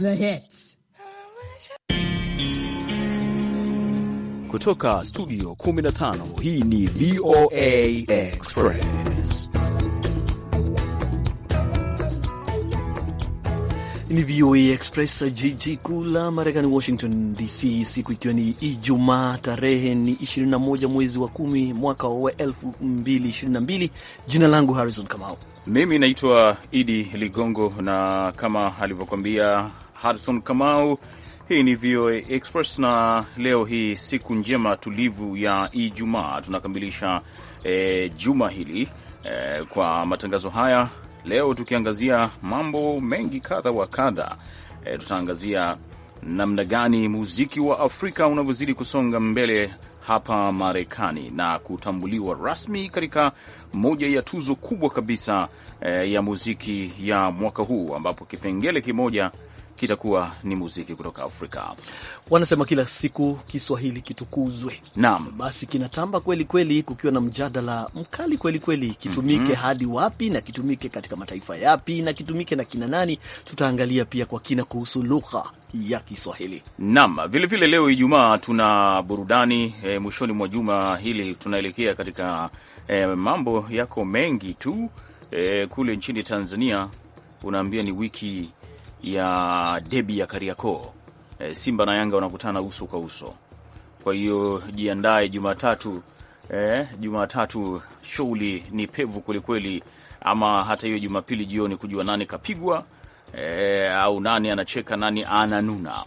The hits. Kutoka studio 15 hii ni VOA Express. Ni VOA Express, jiji kuu la Marekani, Washington DC, siku ikiwa ni Ijumaa, tarehe ni 21 mwezi wa 10 mwaka wa 2022. Jina langu Harrison Kamau, mimi naitwa Idi Ligongo, na kama alivyokuambia Harison Kamau. Hii ni VOA Express na leo hii siku njema tulivu ya Ijumaa tunakamilisha e, juma hili e, kwa matangazo haya leo tukiangazia mambo mengi kadha wa kadha. E, tutaangazia namna gani muziki wa Afrika unavyozidi kusonga mbele hapa Marekani na kutambuliwa rasmi katika moja ya tuzo kubwa kabisa e, ya muziki ya mwaka huu ambapo kipengele kimoja kitakuwa ni muziki kutoka Afrika. Wanasema kila siku Kiswahili kitukuzwe. Naam, basi kinatamba kweli kweli, kukiwa na mjadala mkali kweli kweli, kitumike mm -hmm. hadi wapi na kitumike katika mataifa yapi na kitumike na kina nani? Tutaangalia pia kwa kina kuhusu lugha ya Kiswahili. Naam, vilevile leo Ijumaa tuna burudani e, mwishoni mwa juma hili tunaelekea katika e, mambo yako mengi tu e, kule nchini Tanzania unaambia ni wiki ya debi ya Kariakoo, e, Simba na Yanga wanakutana uso kwa uso. Kwa hiyo jiandae Jumatatu, e, Jumatatu shughuli ni pevu kwelikweli, ama hata hiyo Jumapili jioni kujua nani kapigwa, e, au nani anacheka nani ananuna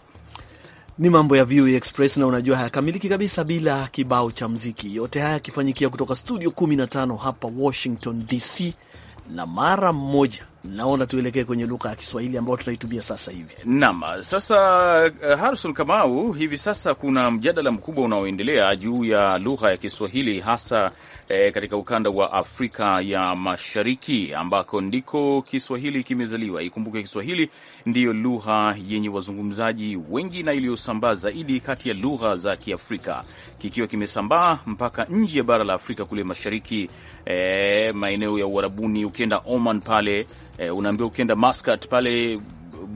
ni mambo ya VOA Express na unajua hayakamiliki kabisa bila kibao cha mziki. Yote haya yakifanyikia kutoka studio 15 hapa Washington DC, na mara mmoja naona tuelekee kwenye lugha ya Kiswahili ambayo tunaitumia sasa hivi. Naam, sasa eh, Harrison Kamau, hivi sasa kuna mjadala mkubwa unaoendelea juu ya lugha ya Kiswahili hasa eh, katika ukanda wa Afrika ya Mashariki ambako ndiko Kiswahili kimezaliwa. Ikumbuke Kiswahili ndiyo lugha yenye wazungumzaji wengi na iliyosambaa zaidi kati ya lugha za Kiafrika, kikiwa kimesambaa mpaka nje ya bara la Afrika kule mashariki, eh, maeneo ya Uarabuni, ukienda Oman pale eh, unaambiwa ukienda Maskat pale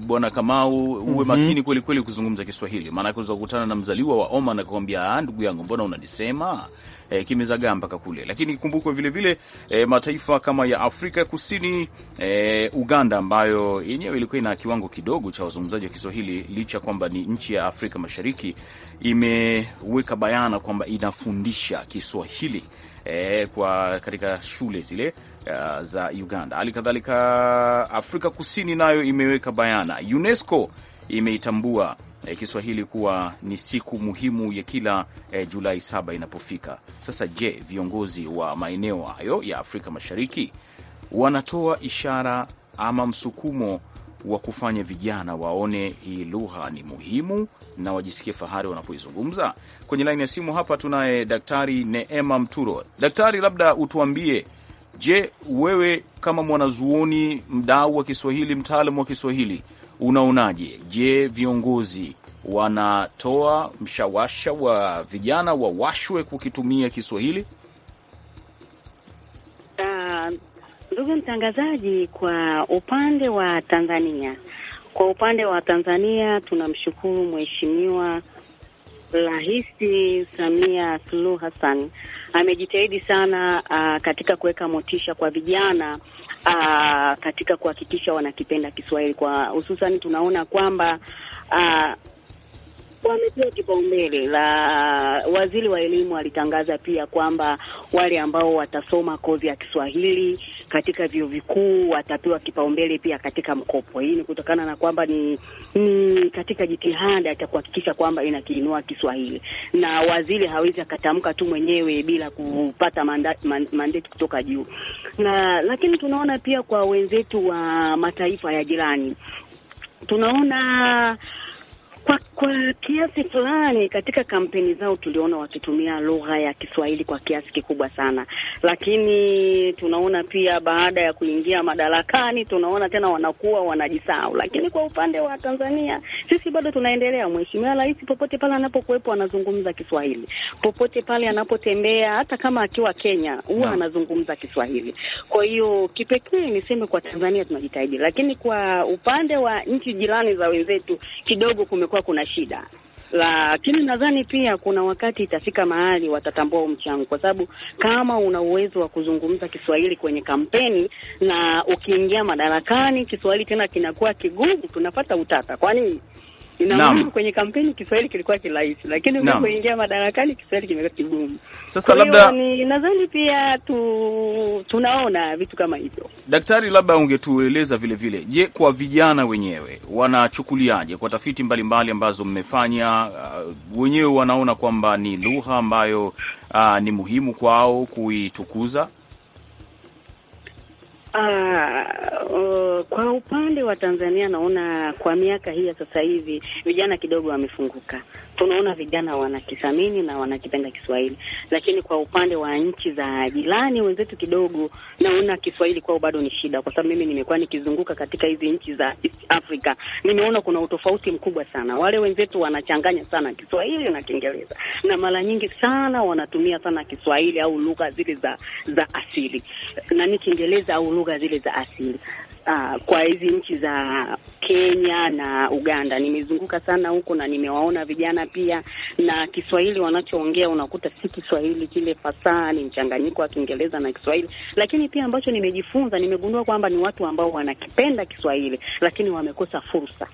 Bwana Kamau uwe mm -hmm. makini kweli kweli kuzungumza Kiswahili, maanake unaweza kukutana na mzaliwa wa Oman akakwambia, ah, ndugu yangu, mbona unanisema eh, kimezagaa mpaka kule. Lakini ikumbukwe vilevile eh, mataifa kama ya Afrika Kusini eh, Uganda ambayo yenyewe ilikuwa ina kiwango kidogo cha wazungumzaji wa Kiswahili licha kwamba ni nchi ya Afrika Mashariki, imeweka bayana kwamba inafundisha Kiswahili eh, kwa katika shule zile uh, za Uganda. Hali kadhalika Afrika Kusini nayo imeweka bayana, UNESCO imeitambua eh, Kiswahili kuwa ni siku muhimu ya kila eh, Julai saba inapofika. Sasa je, viongozi wa maeneo hayo ya Afrika Mashariki wanatoa ishara ama msukumo wa kufanya vijana waone hii lugha ni muhimu na wajisikie fahari wanapoizungumza. Kwenye laini ya simu hapa tunaye Daktari Neema Mturo. Daktari, labda utuambie, je, wewe kama mwanazuoni, mdau wa Kiswahili, mtaalamu wa Kiswahili, unaonaje? Je, viongozi wanatoa mshawasha wa vijana wawashwe kukitumia Kiswahili? Ah, ndugu uh, mtangazaji, kwa upande wa Tanzania, kwa upande wa Tanzania tunamshukuru Mheshimiwa Rais Samia Suluhu Hassan amejitahidi sana uh, katika kuweka motisha kwa vijana aa, ah, katika kuhakikisha wanakipenda Kiswahili kwa hususan tunaona kwamba aa, ah, wamepewa kipaumbele la waziri wa elimu alitangaza pia kwamba wale ambao watasoma kozi ya Kiswahili katika vyuo vikuu watapewa kipaumbele pia katika mkopo. Hii ni kutokana na kwamba ni, ni katika jitihada ya kuhakikisha kwamba inakiinua Kiswahili, na waziri hawezi akatamka tu mwenyewe bila kupata mandeti kutoka juu. Na lakini tunaona pia kwa wenzetu wa mataifa ya jirani tunaona kwa, kwa kiasi fulani katika kampeni zao tuliona wakitumia lugha ya Kiswahili kwa kiasi kikubwa sana, lakini tunaona pia baada ya kuingia madarakani tunaona tena wanakuwa wanajisahau. Lakini kwa upande wa Tanzania sisi bado tunaendelea. Mheshimiwa Rais popote pale anapokuwepo anazungumza Kiswahili, popote pale anapotembea, hata kama akiwa Kenya huwa anazungumza Kiswahili. Kwa hiyo kipekee niseme kwa Tanzania tunajitahidi, lakini kwa upande wa nchi jirani za wenzetu kidogo kumekuwa kutakuwa kuna shida, lakini nadhani pia kuna wakati itafika mahali watatambua mchango, kwa sababu kama una uwezo wa kuzungumza Kiswahili kwenye kampeni na ukiingia madarakani Kiswahili tena kinakuwa kigumu, tunapata utata. Kwa nini? Ninaona kwenye kampeni Kiswahili kilikuwa kirahisi, lakini unapoingia madarakani Kiswahili kimekuwa kigumu. Sasa labda nadhani pia tu, tunaona vitu kama hivyo. Daktari, labda ungetueleza vile vile, je, kwa vijana wenyewe wanachukuliaje? Kwa tafiti mbalimbali ambazo mmefanya, uh, wenyewe wanaona kwamba ni lugha ambayo uh, ni muhimu kwao kuitukuza? Uh, uh, kwa upande wa Tanzania naona kwa miaka hii ya sasa hivi vijana kidogo wamefunguka, tunaona vijana wanakithamini na wanakipenda Kiswahili, lakini kwa upande wa nchi za jirani wenzetu kidogo naona Kiswahili kwao bado ni shida, kwa sababu mimi nimekuwa nikizunguka katika hizi nchi za East Africa, nimeona kuna utofauti mkubwa sana. Wale wenzetu wanachanganya sana Kiswahili na Kiingereza, na mara nyingi sana wanatumia sana Kiswahili au lugha zile za za asili, na ni Kiingereza au lugha zile za asili uh, kwa hizi nchi za Kenya na Uganda. Nimezunguka sana huko na nimewaona vijana pia, na Kiswahili wanachoongea unakuta si Kiswahili kile fasaha, ni mchanganyiko wa Kiingereza na Kiswahili. Lakini pia ambacho nimejifunza, nimegundua kwamba ni watu ambao wanakipenda Kiswahili lakini wamekosa fursa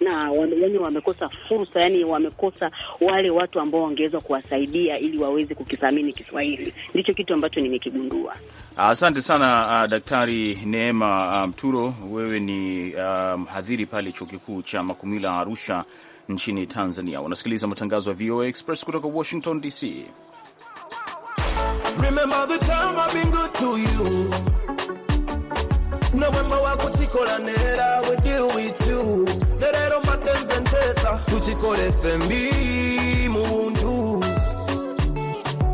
na wenye wamekosa fursa, yani wamekosa wale watu ambao wangeweza kuwasaidia ili waweze kukithamini Kiswahili. Ndicho kitu ambacho nimekigundua. Asante sana uh, Daktari Neema uh, Mturo. Um, wewe ni mhadhiri um, pale chuo kikuu cha Makumila Arusha nchini Tanzania. Unasikiliza matangazo ya VOA Express kutoka Washington DC. Remember the time I've been good to you. November wakutikola nera we deal with you nerero matenze ntesa tuchikole FMB muntu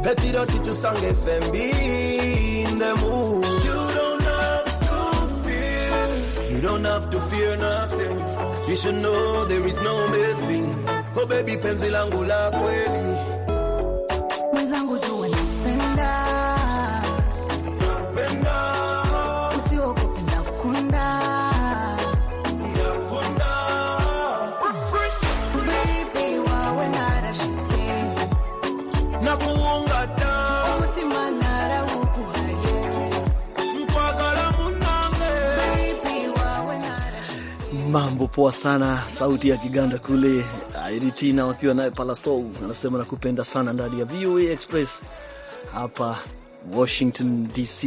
petiro titusange FMB in the mood you don't have to fear you don't have to fear nothing you should know there is no missing oh baby penzi langu la kweli poa sana, sauti ya Kiganda kule Iritina wakiwa naye Palasou anasema nakupenda sana ndani ya VOA Express hapa Washington DC,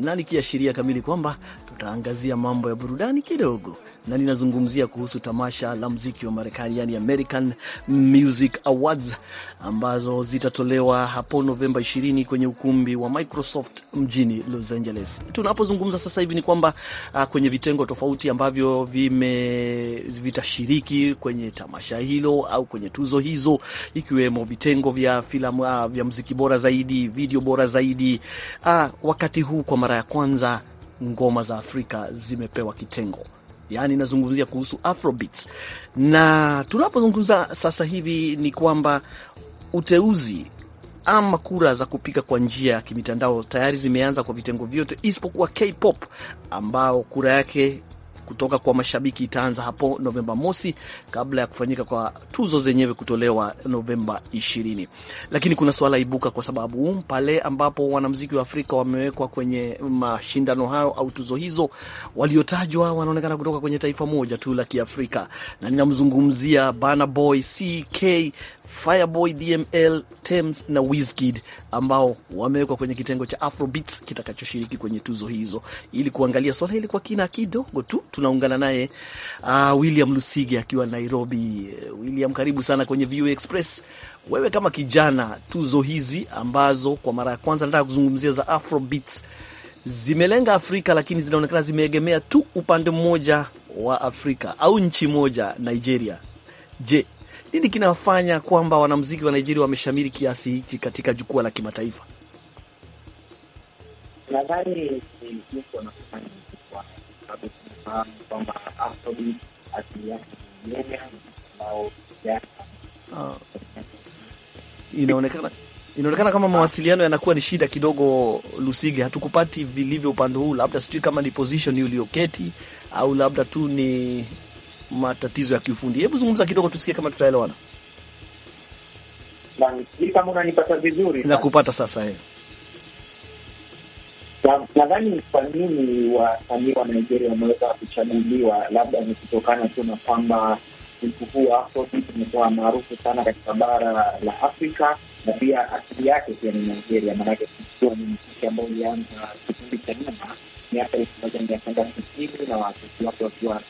na nikiashiria kamili kwamba tutaangazia mambo ya burudani kidogo na ninazungumzia kuhusu tamasha la mziki wa Marekani, yani American Music Awards ambazo zitatolewa hapo Novemba 20 kwenye ukumbi wa Microsoft mjini Los Angeles. Tunapozungumza sasa hivi ni kwamba ah, kwenye vitengo tofauti ambavyo vime vitashiriki kwenye tamasha hilo au kwenye tuzo hizo, ikiwemo vitengo vya filamu ah, vya mziki bora zaidi, video bora zaidi. Ah, wakati huu kwa mara ya kwanza ngoma za Afrika zimepewa kitengo yani nazungumzia kuhusu Afrobeats. Na tunapozungumza sasa hivi ni kwamba uteuzi ama kura za kupiga kwa njia ya kimitandao tayari zimeanza kwa vitengo vyote isipokuwa K-pop ambao kura yake kutoka kwa mashabiki itaanza hapo Novemba mosi kabla ya kufanyika kwa tuzo zenyewe kutolewa Novemba 20. Lakini kuna swala ibuka kwa sababu pale ambapo wanamuziki wa Afrika wamewekwa kwenye mashindano hayo au tuzo hizo, waliotajwa wanaonekana kutoka kwenye taifa moja tu la Kiafrika, na ninamzungumzia Burna Boy, CK, Fireboy, DML, Tems na Wizkid ambao wamewekwa kwenye kitengo cha Afrobeats kitakachoshiriki kwenye tuzo hizo. Ili kuangalia swala hili kwa kina kidogo tu, tunaungana naye uh, William Lusige akiwa Nairobi. William, karibu sana kwenye VOA Express. Wewe kama kijana, tuzo hizi ambazo kwa mara ya kwanza nataka kuzungumzia za Afrobeats zimelenga Afrika lakini zinaonekana zimeegemea tu upande mmoja wa Afrika au nchi moja, Nigeria. Je, nini kinafanya kwamba wanamuziki wa Nigeria wameshamiri kiasi hiki katika jukwaa la kimataifa? Nadhani kwamba ah. inaonekana inaonekana kama mawasiliano yanakuwa ni shida kidogo. Lusige, hatukupati vilivyo upande huu, labda sijui kama ni position ulioketi au labda tu ni matatizo ya kiufundi. Hebu zungumza kidogo tusikie kama tutaelewana. Kama unanipata vizuri, nakupata sasa hiyo. Nadhani kwa nini wasanii wa Nigeria wameweza kuchaguliwa, labda ni kutokana tu na kwamba siku huu Afrobeat imekuwa maarufu sana katika bara la Afrika na pia asili yake pia ni Nigeria, maanake ikiwa ni mziki ambao ulianza kipindi cha nyuma miaka elfu moja mia kenda sitini na waasisi wake wakiwa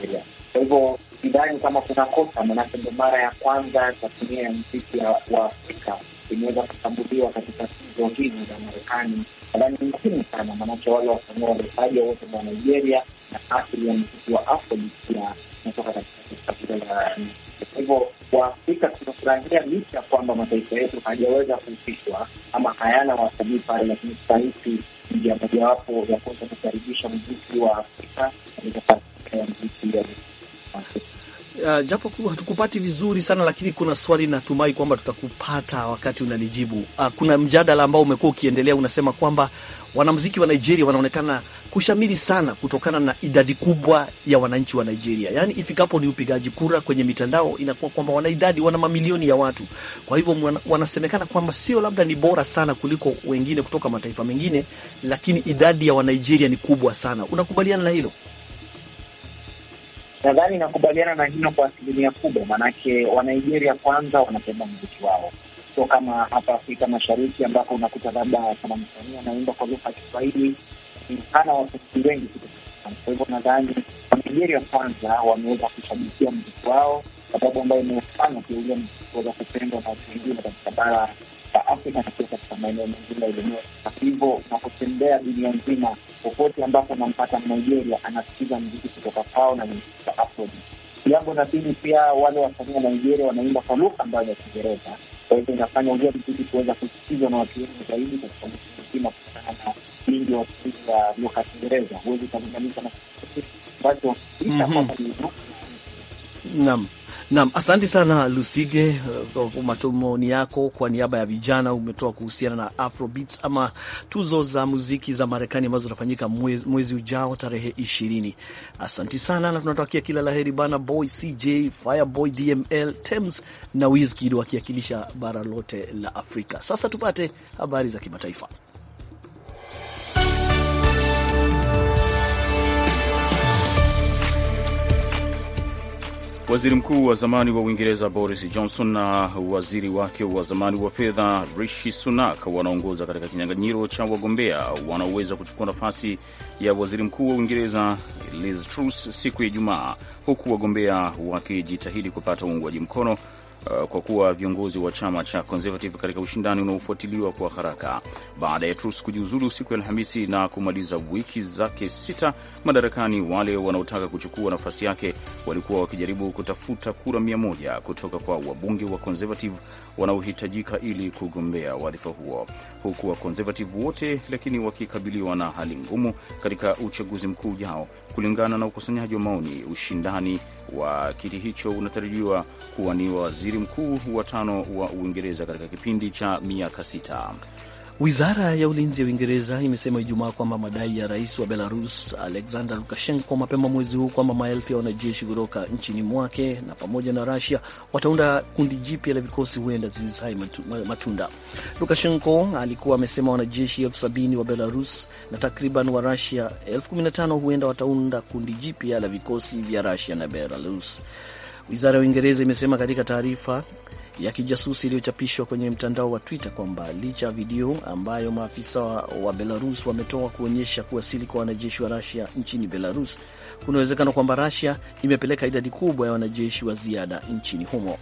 Nigeria. Kwa hivyo sidhani kama kuna kosa, manake ndo mara ya kwanza tasnia ya mziki wa Afrika imeweza kutambuliwa katika tuzo hizi za Marekani. Nadhani ni muhimu sana, manake wale wasanii waliotajwa wote wa Nigeria na asili ya mziki wa Afrobeat pia natoka katika taifa la hivyo Waafrika tunafurahia licha ya kwamba mataifa yetu hajaweza kuhusishwa ama hayana wasanii pale, lakini sahisi njia mojawapo ya kuweza kukaribisha mziki wa Afrika katika Uh, japo hatukupati vizuri sana lakini kuna swali natumai kwamba tutakupata wakati unanijibu. Uh, kuna mjadala ambao umekuwa ukiendelea, unasema kwamba wanamuziki wa Nigeria wanaonekana kushamiri sana kutokana na idadi kubwa ya wananchi wa Nigeria. Yaani ifikapo ni upigaji kura kwenye mitandao inakuwa kwamba wana idadi, wana mamilioni ya watu. Kwa hivyo wanasemekana kwamba sio labda ni bora sana kuliko wengine kutoka mataifa mengine, lakini idadi ya Wanigeria ni kubwa sana. Unakubaliana na hilo? Nadhani nakubaliana na hilo kwa asilimia kubwa, maanake Wanigeria kwanza wanapenda mziki wao, so kama hapa Afrika Mashariki ambapo unakuta labda kama msanii anaimba kwa lugha ya Kiswahili, hana wasanii wengi. Kwa hivyo nadhani Wanigeria kwanza wameweza kushabikia mziki wao, sababu ambayo imefanya pia mziki kuweza kupendwa na watu wengine katika bara katika Afrika na pia katika maeneo mengine ya dunia. Hivyo unapotembea dunia nzima, popote ambapo unampata Nigeria anasikiza mziki kutoka kwao na mziki wa Afrobeat. Jambo la pili, pia wale wasanii wa Nigeria wanaimba kwa lugha ambayo ni ya Kiingereza, kwa hivyo inafanya ule mziki kuweza kusikizwa na watu wengi zaidi katika mzima, kutokana na wingi wa wasanii wa lugha ya Kiingereza. Huwezi ukalinganisha na ambacho mhm. ni Naam. Naam, asante sana Lusige kwa uh, matomoni yako kwa niaba ya vijana umetoa kuhusiana na Afrobeats ama tuzo za muziki za Marekani ambazo zinafanyika mwezi, mwezi ujao tarehe ishirini. Asante sana na tunatakia kila laheri bana Boy CJ, Fireboy DML, Tems na Wizkid wakiakilisha bara lote la Afrika. Sasa tupate habari za kimataifa. Waziri mkuu wa zamani wa Uingereza Boris Johnson na waziri wake wa zamani wa fedha Rishi Sunak wanaongoza katika kinyang'anyiro cha wagombea wanaoweza kuchukua nafasi ya waziri mkuu wa Uingereza Liz Truss siku ya Ijumaa, huku wagombea wakijitahidi kupata uungwaji mkono Eh, kwa kuwa viongozi wa chama cha Conservative katika ushindani unaofuatiliwa kwa haraka baada ya Truss kujiuzulu siku ya Alhamisi na kumaliza wiki zake sita madarakani. Wale wanaotaka kuchukua nafasi yake walikuwa wakijaribu kutafuta kura mia moja kutoka kwa wabunge wa Conservative wanaohitajika ili kugombea wadhifa huo, huku wa Conservative wote lakini wakikabiliwa na hali ngumu katika uchaguzi mkuu ujao. Kulingana na ukusanyaji wa maoni, ushindani wa kiti hicho unatarajiwa waziri waziri mkuu wa tano wa Uingereza katika kipindi cha miaka sita. Wizara ya ulinzi ya Uingereza imesema Ijumaa kwamba madai ya rais wa Belarus Alexander Lukashenko mapema mwezi huu kwamba maelfu ya wanajeshi kutoka nchini mwake na pamoja na Rusia wataunda kundi jipya la vikosi huenda zilizai matunda. Lukashenko alikuwa amesema wanajeshi elfu sabini wa Belarus na takriban wa Rusia elfu kumi na tano huenda wataunda kundi jipya la vikosi vya Rusia na Belarus. Wizara ya Uingereza imesema katika taarifa ya kijasusi iliyochapishwa kwenye mtandao wa Twitter kwamba licha ya video ambayo maafisa wa Belarus wametoa kuonyesha kuwasili kwa wanajeshi wa Rusia nchini Belarus, kuna uwezekano kwamba Rusia imepeleka idadi kubwa ya wanajeshi wa ziada nchini humo.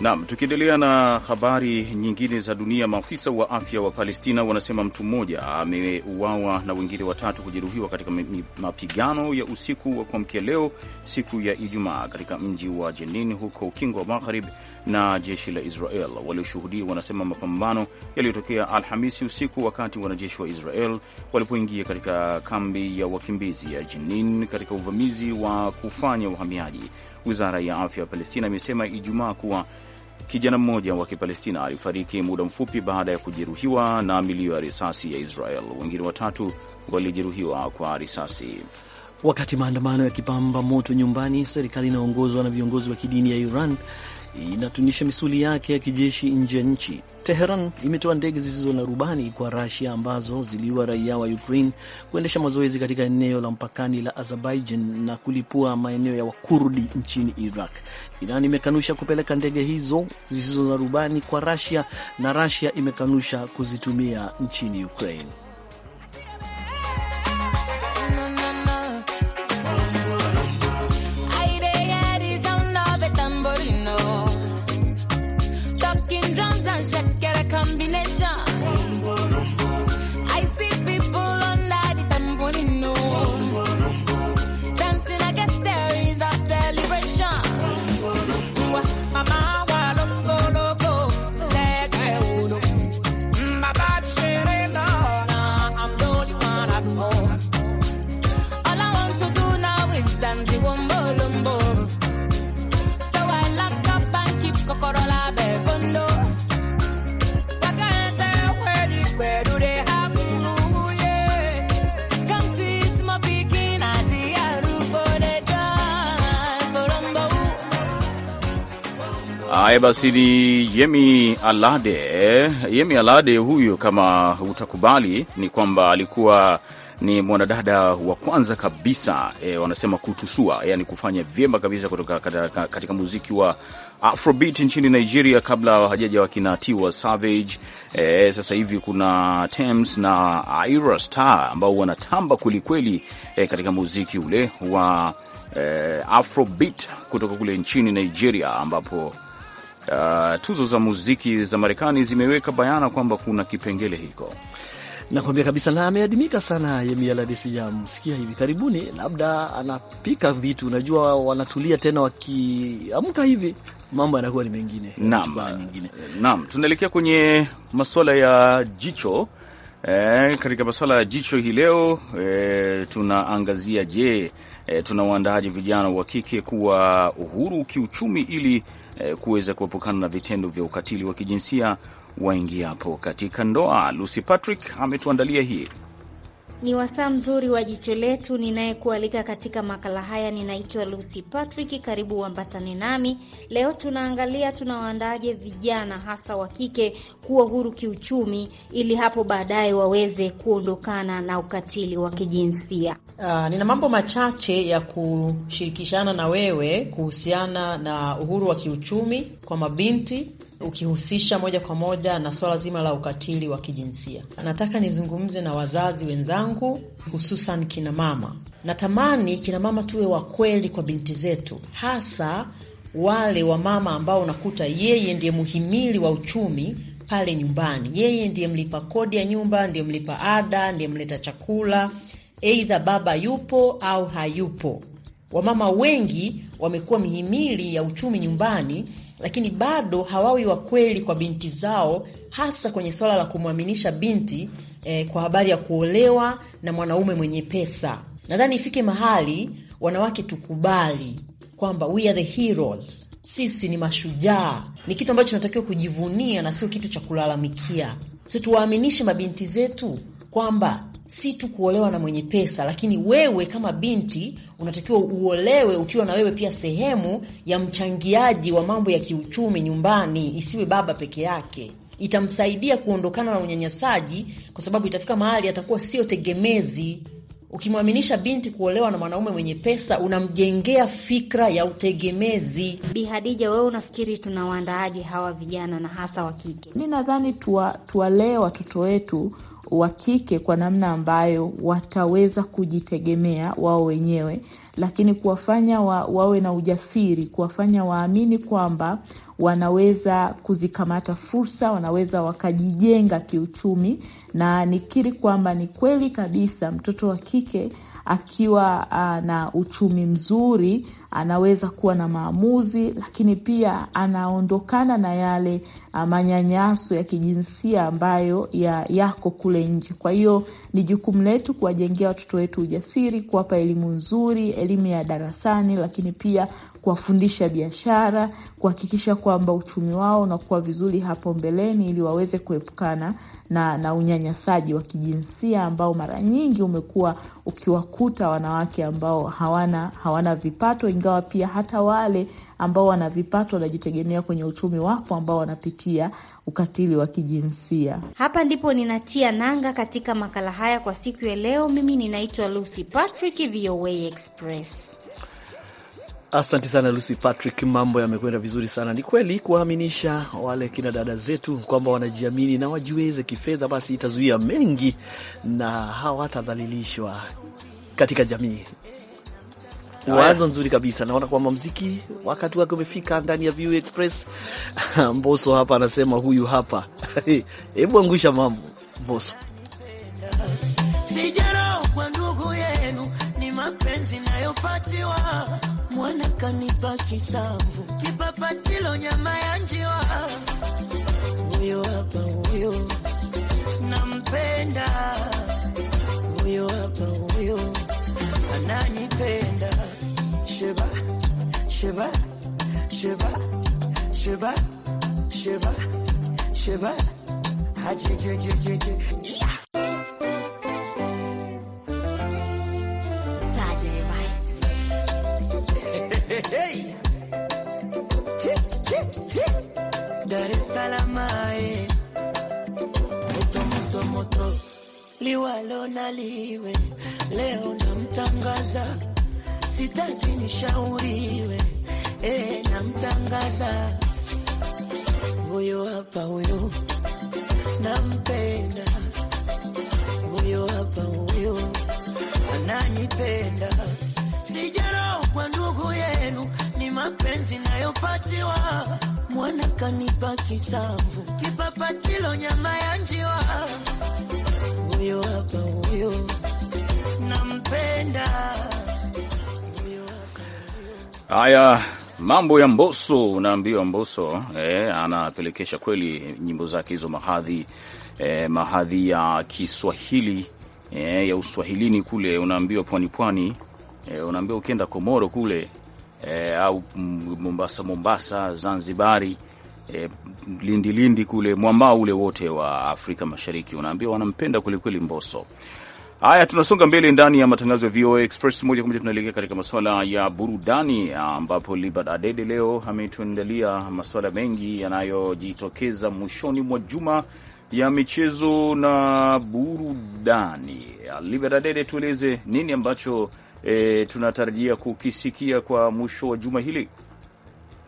Naam, tukiendelea na habari nyingine za dunia, maafisa wa afya wa Palestina wanasema mtu mmoja ameuawa na wengine watatu kujeruhiwa katika mapigano ya usiku wa kuamkia leo, siku ya Ijumaa, katika mji wa Jenin huko Ukingo wa Magharibi na jeshi la Israel. Walioshuhudia wanasema mapambano yaliyotokea Alhamisi usiku wakati wanajeshi wa Israel walipoingia katika kambi ya wakimbizi ya Jenin katika uvamizi wa kufanya uhamiaji. Wizara ya afya ya Palestina imesema Ijumaa kuwa kijana mmoja wa Kipalestina alifariki muda mfupi baada ya kujeruhiwa na milio ya risasi ya Israel. Wengine watatu walijeruhiwa kwa risasi. Wakati maandamano yakipamba moto nyumbani, serikali inaongozwa na viongozi wa kidini ya Iran inatunisha misuli yake ya kijeshi nje ya nchi. Teheran imetoa ndege zisizo na rubani kwa Rasia ambazo ziliua raia wa Ukraine kuendesha mazoezi katika eneo la mpakani la Azerbaijan na kulipua maeneo ya Wakurdi nchini Iraq. Iran imekanusha kupeleka ndege hizo zisizo na rubani kwa Rasia na Rasia imekanusha kuzitumia nchini Ukraine. on. Haya basi, ni Yemi Alade. Yemi Alade huyo kama utakubali, ni kwamba alikuwa ni mwanadada wa kwanza kabisa e, wanasema kutusua, yani kufanya vyema kabisa kutoka katika, katika muziki wa Afrobeat nchini Nigeria, kabla hajaja wakina Tiwa Savage. E, sasa hivi kuna Tems na Ira Star ambao wanatamba kwelikweli e, katika muziki ule wa e, Afrobeat kutoka kule nchini Nigeria ambapo Uh, tuzo za muziki za Marekani zimeweka bayana kwamba kuna kipengele hiko. Nakwambia kabisa, na ameadimika sana Yemi ya msikia hivi karibuni, labda anapika vitu, unajua wanatulia tena, wakiamka hivi mambo yanakuwa ni mengine. Naam, tunaelekea kwenye masuala ya jicho. E, katika masuala ya jicho hii leo e, tunaangazia je, e, eh, tuna vijana wa kike kuwa uhuru kiuchumi ili eh, kuweza kuepukana na vitendo vya ukatili wa kijinsia waingiapo katika ndoa. Lucy Patrick ametuandalia hii. Ni wasaa mzuri wa jicho letu. Ninayekualika katika makala haya ninaitwa Lucy Patrick. Karibu uambatane nami leo. Tunaangalia tunawaandaaje vijana hasa wa kike kuwa huru kiuchumi, ili hapo baadaye waweze kuondokana na ukatili wa kijinsia. Uh, nina mambo machache ya kushirikishana na wewe kuhusiana na uhuru wa kiuchumi kwa mabinti ukihusisha moja kwa moja na swala zima la ukatili wa kijinsia. Nataka nizungumze na wazazi wenzangu, hususan kinamama. Natamani kinamama tuwe wakweli kwa binti zetu, hasa wale wa mama ambao unakuta yeye ndiye muhimili wa uchumi pale nyumbani, yeye ndiye mlipa kodi ya nyumba, ndiye mlipa ada, ndiye mleta chakula, eidha baba yupo au hayupo. Wamama wengi wamekuwa mihimili ya uchumi nyumbani lakini bado hawawi wa kweli kwa binti zao, hasa kwenye swala la kumwaminisha binti eh, kwa habari ya kuolewa na mwanaume mwenye pesa. Nadhani ifike mahali wanawake tukubali kwamba we are the heroes, sisi ni mashujaa, ni kitu ambacho tunatakiwa kujivunia na sio kitu cha kulalamikia. So tuwaaminishe mabinti zetu kwamba si tu kuolewa na mwenye pesa, lakini wewe kama binti unatakiwa uolewe ukiwa na wewe pia sehemu ya mchangiaji wa mambo ya kiuchumi nyumbani, isiwe baba peke yake. Itamsaidia kuondokana na unyanyasaji, kwa sababu itafika mahali atakuwa sio tegemezi. Ukimwaminisha binti kuolewa na mwanaume mwenye pesa, unamjengea fikra ya utegemezi. Bi Hadija, wewe unafikiri tunawaandaaje hawa vijana na hasa wa kike? Mi nadhani tuwalee watoto wetu wa kike kwa namna ambayo wataweza kujitegemea wao wenyewe, lakini kuwafanya wa, wawe na ujasiri, kuwafanya waamini kwamba wanaweza kuzikamata fursa, wanaweza wakajijenga kiuchumi. Na nikiri kwamba ni kweli kabisa mtoto wa kike akiwa ah, na uchumi mzuri anaweza kuwa na maamuzi, lakini pia anaondokana na yale ah, manyanyaso ya kijinsia ambayo ya yako kule nje. Kwa hiyo ni jukumu letu kuwajengea watoto wetu ujasiri, kuwapa elimu nzuri, elimu ya darasani, lakini pia kuwafundisha biashara, kuhakikisha kwamba uchumi wao unakuwa vizuri hapo mbeleni, ili waweze kuepukana na, na unyanyasaji wa kijinsia ambao mara nyingi umekuwa ukiwakuta wanawake ambao hawana hawana vipato, ingawa pia hata wale ambao wana vipato wanajitegemea kwenye uchumi, wapo ambao wanapitia ukatili wa kijinsia. Hapa ndipo ninatia nanga katika makala haya kwa siku ya leo. Mimi ninaitwa Lucy Patrick, VOA Express. Asante sana Lucy Patrick, mambo yamekwenda vizuri sana. Ni kweli kuwaaminisha wale kina dada zetu kwamba wanajiamini na wajiweze kifedha, basi itazuia mengi na hawatadhalilishwa katika jamii. Wazo nzuri kabisa. Naona kwamba mziki wakati wake umefika ndani ya VU Express. Mboso hapa anasema, huyu hapa hebu angusha mambo Mboso. kwa ndugu yenu ni mapenzi nayopatiwa mwana kanipa kisamvu kipapatilo nyama ya njiwa huyo hapa huyo nampenda huyo hapa huyo ananipenda sheba sheba sheba sheba sheba sheba hajejejejeje yeah. liwalo na liwe, leo namtangaza, sitaki nishauriwe, e, namtangaza huyo hapa, huyo nampenda, huyo hapa, huyo ananipenda, sijero kwa ndugu yenu ni mapenzi nayopatiwa mwana kanipa kisamvu kipapatilo nyama ya njiwa hapa nampenda. Haya mambo ya mboso unaambiwa mboso eh, anapelekesha kweli nyimbo zake hizo mahadhi eh, mahadhi ya Kiswahili eh, ya uswahilini kule, unaambiwa pwani pwani eh, unaambiwa ukienda Komoro kule eh, au Mombasa Mombasa Zanzibari eh, Lindilindi kule mwambao ule wote wa Afrika Mashariki, unaambiwa wanampenda kwelikweli mboso Haya, tunasonga mbele ndani ya matangazo ya VOA Express. Moja kwa moja tunaelekea katika masuala ya burudani, ambapo Libert Adede leo ametuandalia masuala mengi yanayojitokeza mwishoni mwa juma ya michezo na burudani. Libert Adede, tueleze nini ambacho e, tunatarajia kukisikia kwa mwisho wa juma hili?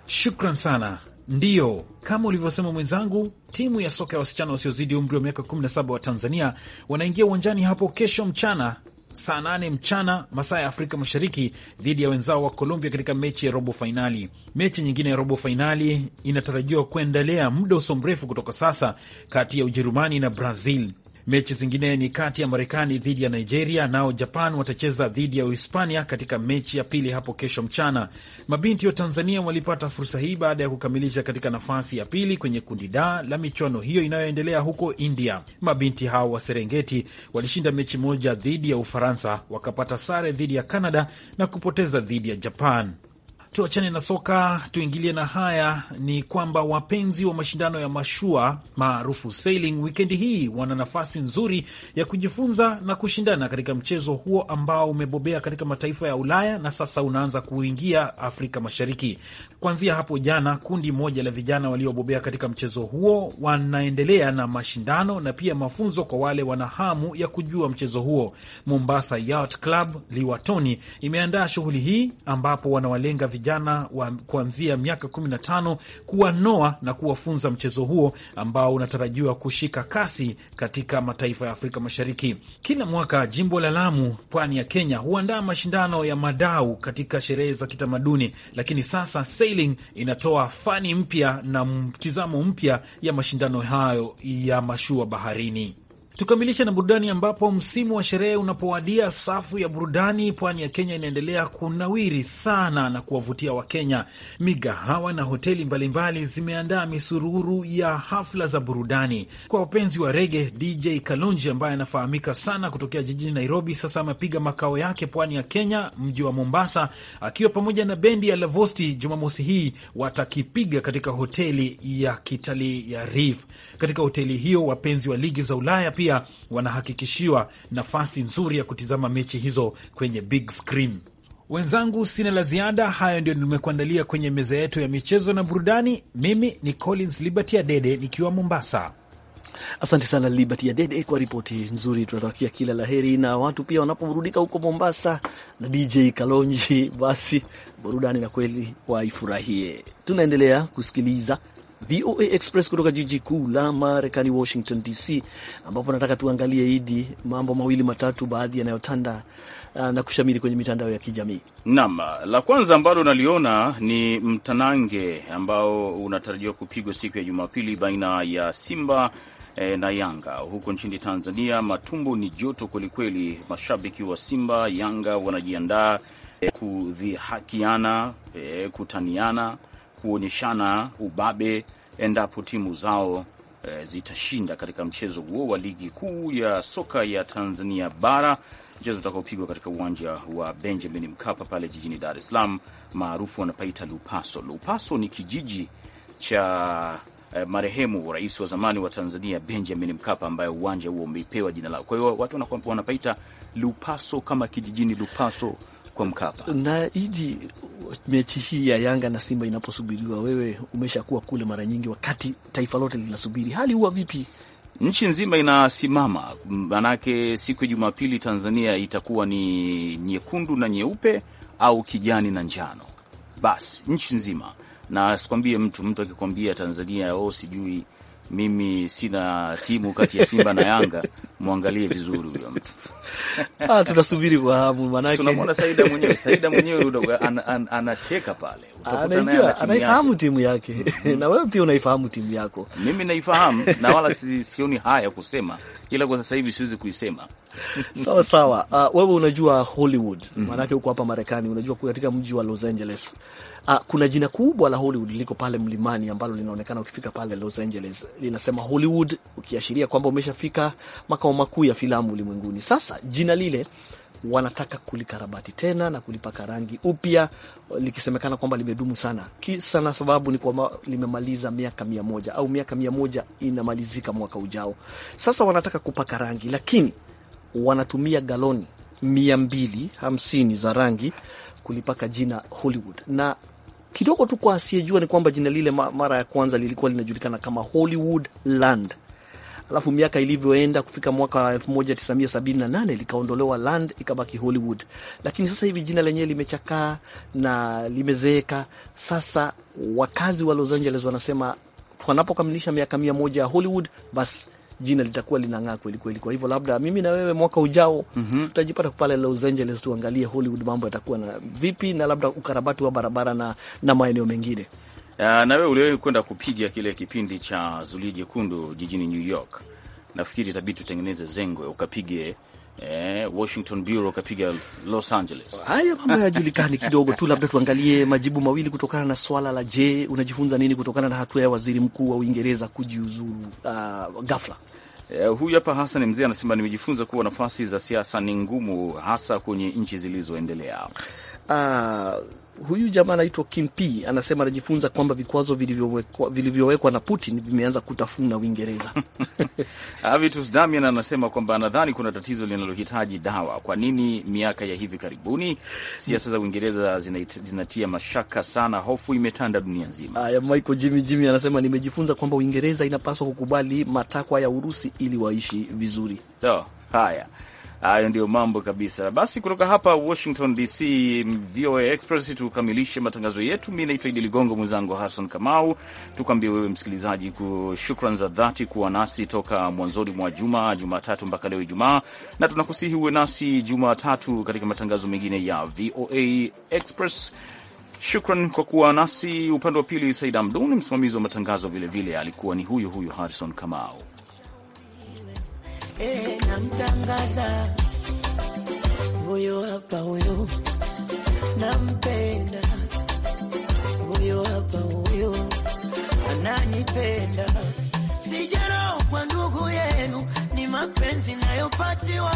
Shukran sana Ndiyo, kama ulivyosema mwenzangu, timu ya soka ya wasichana wasiozidi umri wa miaka 17 wa Tanzania wanaingia uwanjani hapo kesho mchana saa 8 mchana masaa ya Afrika Mashariki dhidi ya wenzao wa Colombia katika mechi ya robo fainali. Mechi nyingine ya robo fainali inatarajiwa kuendelea muda usio mrefu kutoka sasa, kati ya Ujerumani na Brazil. Mechi zingine ni kati ya Marekani dhidi ya Nigeria, nao Japan watacheza dhidi ya Uhispania katika mechi ya pili hapo kesho mchana. Mabinti wa Tanzania walipata fursa hii baada ya kukamilisha katika nafasi ya pili kwenye kundi da la michuano hiyo inayoendelea huko India. Mabinti hao wa Serengeti walishinda mechi moja dhidi ya Ufaransa, wakapata sare dhidi ya canada na kupoteza dhidi ya Japan. Tuachane na soka, tuingilie na haya. Ni kwamba wapenzi wa mashindano ya mashua maarufu sailing, wikendi hii wana nafasi nzuri ya kujifunza na kushindana katika mchezo huo ambao umebobea katika mataifa ya Ulaya na sasa unaanza kuingia Afrika Mashariki. Kuanzia hapo jana, kundi moja la vijana waliobobea katika mchezo huo wanaendelea na mashindano na pia mafunzo kwa wale wana hamu ya kujua mchezo huo. Mombasa Yacht Club Liwatoni imeandaa shughuli hii ambapo wanawalenga vijana vijana wa kuanzia miaka 15 kuwanoa na kuwafunza mchezo huo ambao unatarajiwa kushika kasi katika mataifa ya Afrika Mashariki. Kila mwaka jimbo la Lamu, pwani ya Kenya, huandaa mashindano ya madau katika sherehe za kitamaduni, lakini sasa sailing inatoa fani mpya na mtizamo mpya ya mashindano hayo ya mashua baharini. Tukamilishe na burudani, ambapo msimu wa sherehe unapowadia, safu ya burudani pwani ya Kenya inaendelea kunawiri sana na kuwavutia Wakenya. Migahawa na hoteli mbalimbali zimeandaa misururu ya hafla za burudani kwa wapenzi wa rege. DJ Kalonji ambaye anafahamika sana kutokea jijini Nairobi, sasa amepiga makao yake pwani ya Kenya, mji wa Mombasa, akiwa pamoja na bendi ya Lavosti. Jumamosi hii watakipiga katika hoteli ya kitalii ya Reef. Katika hoteli hiyo wapenzi wa ligi za Ulaya pia pia wanahakikishiwa nafasi nzuri ya kutizama mechi hizo kwenye big screen. Wenzangu, sina la ziada. Hayo ndio nimekuandalia kwenye meza yetu ya michezo na burudani. Mimi ni Collins Liberty Adede nikiwa Mombasa. Asante sana Liberty Adede kwa ripoti nzuri, tunatakia kila laheri na watu pia wanapoburudika huko Mombasa na DJ Kalonji, basi burudani na kweli waifurahie. Tunaendelea kusikiliza VOA Express kutoka jiji kuu la Marekani, Washington DC, ambapo nataka tuangalie idi mambo mawili matatu, baadhi yanayotanda uh, na kushamiri kwenye mitandao ya kijamii. Naam, la kwanza ambalo naliona ni mtanange ambao unatarajiwa kupigwa siku ya Jumapili baina ya Simba eh, na Yanga huko nchini Tanzania. Matumbo ni joto kwelikweli, mashabiki wa Simba Yanga wanajiandaa eh, kudhihakiana, eh, kutaniana kuonyeshana ubabe endapo timu zao e, zitashinda katika mchezo huo wa ligi kuu ya soka ya Tanzania bara, mchezo utakaopigwa katika uwanja wa Benjamin Mkapa pale jijini Dar es Salaam, maarufu wanapaita Lupaso. Lupaso ni kijiji cha e, marehemu rais wa zamani wa Tanzania Benjamin Mkapa, ambaye uwanja huo umeipewa jina lao. Kwa hiyo watu wanapaita Lupaso kama kijijini Lupaso kwa Mkapa na iji mechi hii ya Yanga na Simba inaposubiriwa, wewe umeshakuwa kule mara nyingi, wakati taifa lote linasubiri, hali huwa vipi? Nchi nzima inasimama, manake siku ya Jumapili Tanzania itakuwa ni nyekundu na nyeupe au kijani na njano, basi nchi nzima. Na sikwambie mtu, mtu akikwambia Tanzania o, oh, sijui mimi sina timu kati ya Simba na Yanga, mwangalie vizuri huyo mtu Ah, tunasubiri kwa hamu manake. Tunamwona Saida mwenyewe, Saida mwenyewe anacheka pale anaijua, anaifahamu timu yake mm -hmm. na wewe pia unaifahamu timu yako. Mimi naifahamu na wala si, sioni haya kusema, ila kwa sasa hivi siwezi kuisema. sawa sawa. Uh, wewe unajua Hollywood mm -hmm. maanake huko hapa Marekani, unajua katika mji wa Los Angeles uh, kuna jina kubwa la Hollywood liko pale mlimani ambalo linaonekana ukifika pale Los Angeles, linasema Hollywood, ukiashiria kwamba umeshafika makao makuu ya filamu ulimwenguni. Sasa jina lile wanataka kulikarabati tena na kulipaka rangi upya, likisemekana kwamba limedumu sana. Kisa na sababu ni kwamba limemaliza miaka mia moja au miaka mia moja inamalizika mwaka ujao. Sasa wanataka kupaka rangi, lakini wanatumia galoni mia mbili hamsini za rangi kulipaka jina Hollywood na kidogo tu kwa asiyejua ni kwamba jina lile mara ya kwanza lilikuwa linajulikana kama Hollywood Land alafu miaka ilivyoenda kufika mwaka 1978 likaondolewa Land ikabaki Hollywood, lakini sasa hivi jina lenyewe limechakaa na limezeeka. Sasa wakazi wa Los Angeles wanasema wanapokamilisha miaka mia moja ya Hollywood basi jina litakuwa linang'aa kweli kweli. Kwa hivyo labda mimi na wewe mwaka ujao mm -hmm. tutajipata pale Los Angeles tuangalie Hollywood mambo yatakuwa na vipi, na labda ukarabati wa barabara na, na maeneo mengine. Eh, na wewe uliwahi kwenda kupiga kile kipindi cha zulia jekundu jijini New York, nafikiri itabidi tutengeneze zengwe ukapige eh, Washington Bureau ukapiga Los Angeles. Haya mambo hayajulikani kidogo tu, labda tuangalie majibu mawili kutokana na swala la je, unajifunza nini kutokana na hatua ya waziri mkuu wa Uingereza kujiuzuru uh, ah, ghafla Uh, huyu hapa Hasan Mzee anasema nimejifunza kuwa nafasi za siasa ni ngumu hasa kwenye nchi zilizoendelea. Uh, huyu jamaa anaitwa Kimpi anasema anajifunza kwamba vikwazo vilivyowekwa na Putin vimeanza kutafuna Uingereza. Avitus Damian anasema kwamba anadhani kuna tatizo linalohitaji dawa. Kwa nini miaka ya hivi karibuni siasa za Uingereza zinatia mashaka sana? Hofu imetanda dunia nzima. Haya, Michael Jimmy Jimmy anasema nimejifunza kwamba Uingereza inapaswa kukubali matakwa ya Urusi ili waishi vizuri. So, haya Hayo ndio mambo kabisa. Basi kutoka hapa Washington DC, VOA Express tukamilishe matangazo yetu. Mi naitwa Idi Ligongo, mwenzangu Harrison Kamau. Tukwambie wewe msikilizaji, shukran za dhati kuwa nasi toka mwanzoni mwa juma Jumatatu mpaka leo Ijumaa, na tunakusihi uwe nasi Jumatatu katika matangazo mengine ya VOA Express. Shukran kwa kuwa nasi. Upande wa pili, Said Amdun, msimamizi wa matangazo, vilevile vile alikuwa ni huyu huyu Harrison Kamau eh, namtangaza huyo hapa, huyo nampenda, huyo hapa, huyo ananipenda. Sijarau kwa ndugu yenu, ni mapenzi nayopatiwa.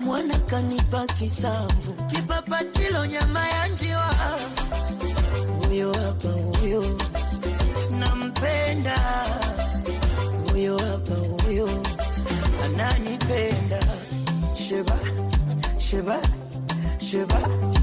Mwana kanipa kisamvu, kipapatilo nyama ya njiwa, huyo hapa, huyo nampenda, huyo hapa, huyo ananipenda sheba sheba sheba